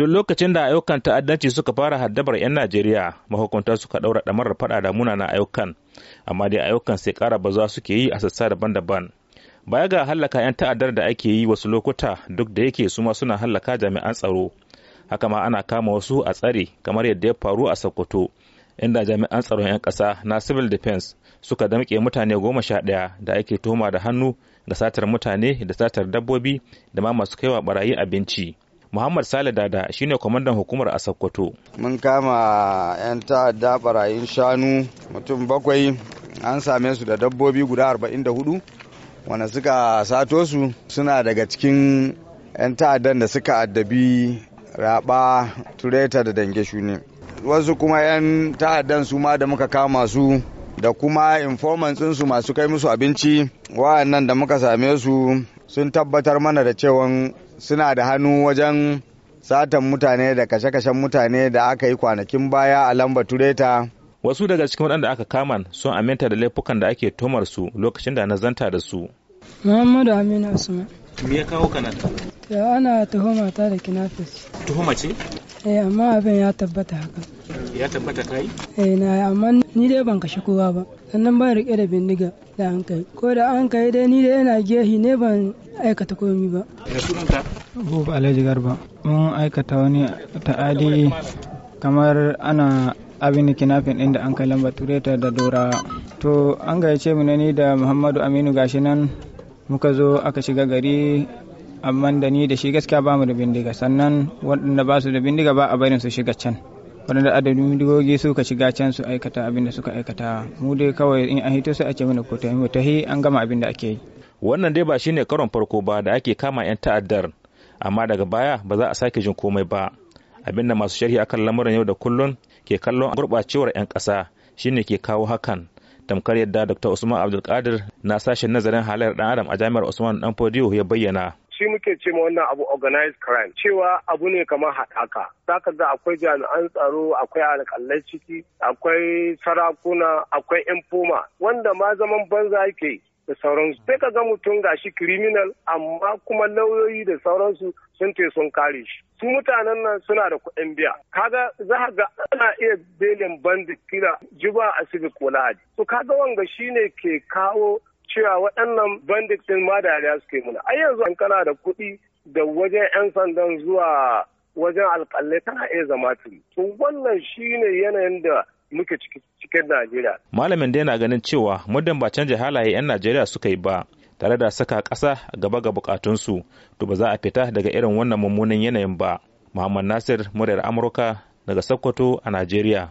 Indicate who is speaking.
Speaker 1: Tun lokacin da ayyukan ta'addanci suka fara haddabar 'yan Najeriya, mahukunta suka ɗaura ɗamarar faɗa da munana ayyukan, amma dai ayyukan sai ƙara bazuwa suke yi a sassa daban-daban. Baya ga hallaka 'yan ta'addar da ake yi wasu lokuta duk da yake su ma suna hallaka jami'an tsaro. Haka ma ana kama wasu a tsare kamar yadda ya faru a Sokoto, inda jami'an tsaron 'yan ƙasa na civil defense suka damƙe mutane goma sha ɗaya da ake tuhuma da hannu ga satar mutane da satar dabbobi da ma masu kaiwa barayi abinci. Muhammad Sale Dada shine kwamandan hukumar a Sokoto.
Speaker 2: Mun kama 'yan ta'adda barayin shanu mutum bakwai an same su da dabbobi guda 44 wanda suka sato su suna daga cikin 'yan ta'addan da suka addabi raba tureta da dange ne. Wasu kuma 'yan ta'addan su ma da muka kama su da kuma informants su masu kai musu abinci wa'annan da muka same su sun tabbatar mana da cewa suna da hannu wajen satan mutane da kashe-kashen mutane da aka yi kwanakin baya a lamba tureta wasu daga
Speaker 1: cikin waɗanda aka kama sun aminta da laifukan da ake tomar su lokacin da na zanta da su
Speaker 3: muhammadu aminu usman
Speaker 1: me ya kawo kana
Speaker 3: ana tuhuma ta da kinafis tuhuma ce eh amma abin ya tabbata haka
Speaker 1: ya tabbata kai
Speaker 3: eh na amma ni dai ban kashe kowa ba sannan ban rike da bindiga da an kai ko da an kai dai ni dai yana gehi ne ban aikata komi ba
Speaker 4: ya sunanka Bubu Alhaji Garba mun aikata wani ta'adi kamar ana abin da kinafin ɗin da an kai lambar tureta da dorawa to an gayyace mu ni da muhammadu aminu gashi nan muka zo aka shiga gari amma da ni da shi gaskiya ba mu da bindiga sannan waɗanda ba su da bindiga ba a barin su shiga can waɗanda adadin bindigogi suka shiga can su aikata abin da suka aikata mu dai kawai in an hito sai a ce mana ko mu tahi an gama abin da ake yi wannan
Speaker 1: dai ba shine karon farko ba da ake kama 'yan ta'addar amma daga baya ba za a sake jin komai ba abin da masu sharhi akan lamuran yau da kullun ke kallon gurɓacewar 'yan ƙasa shine ke kawo hakan tamkar yadda dr usman abdulkadir na sashen nazarin halayyar dan adam a jami'ar usman dan fodiyo ya bayyana
Speaker 5: shi muke ce ma wannan abu organized crime cewa abu ne kamar haɗaka zaka ga akwai jami'an tsaro akwai alƙalai ciki akwai sarakuna akwai yan foma wanda ma zaman banza yake da sauransu sai ka ga mutum gashi criminal amma kuma lauyoyi da sauransu sun ce sun kare shi su mutanen nan suna da kuɗin biya kaga za ga ana iya belin bandit kira jiba a civic ko lahadi to kaga wanga shine ke kawo cewa waɗannan bandit din ma dariya suke muna ai yanzu an kana da kuɗi da wajen 'yan sandan zuwa wajen alƙalle tana iya zama tuni to wannan shine yanayin da muke cikin Najeriya.
Speaker 1: Malamin dai na ganin cewa muddin ba canja halaye 'yan Najeriya suka yi ba tare da saka ƙasa gaba ga bukatunsu to ba za a fita daga irin wannan mummunan yanayin ba. Muhammad Nasir muryar Amurka daga Sokoto a Najeriya.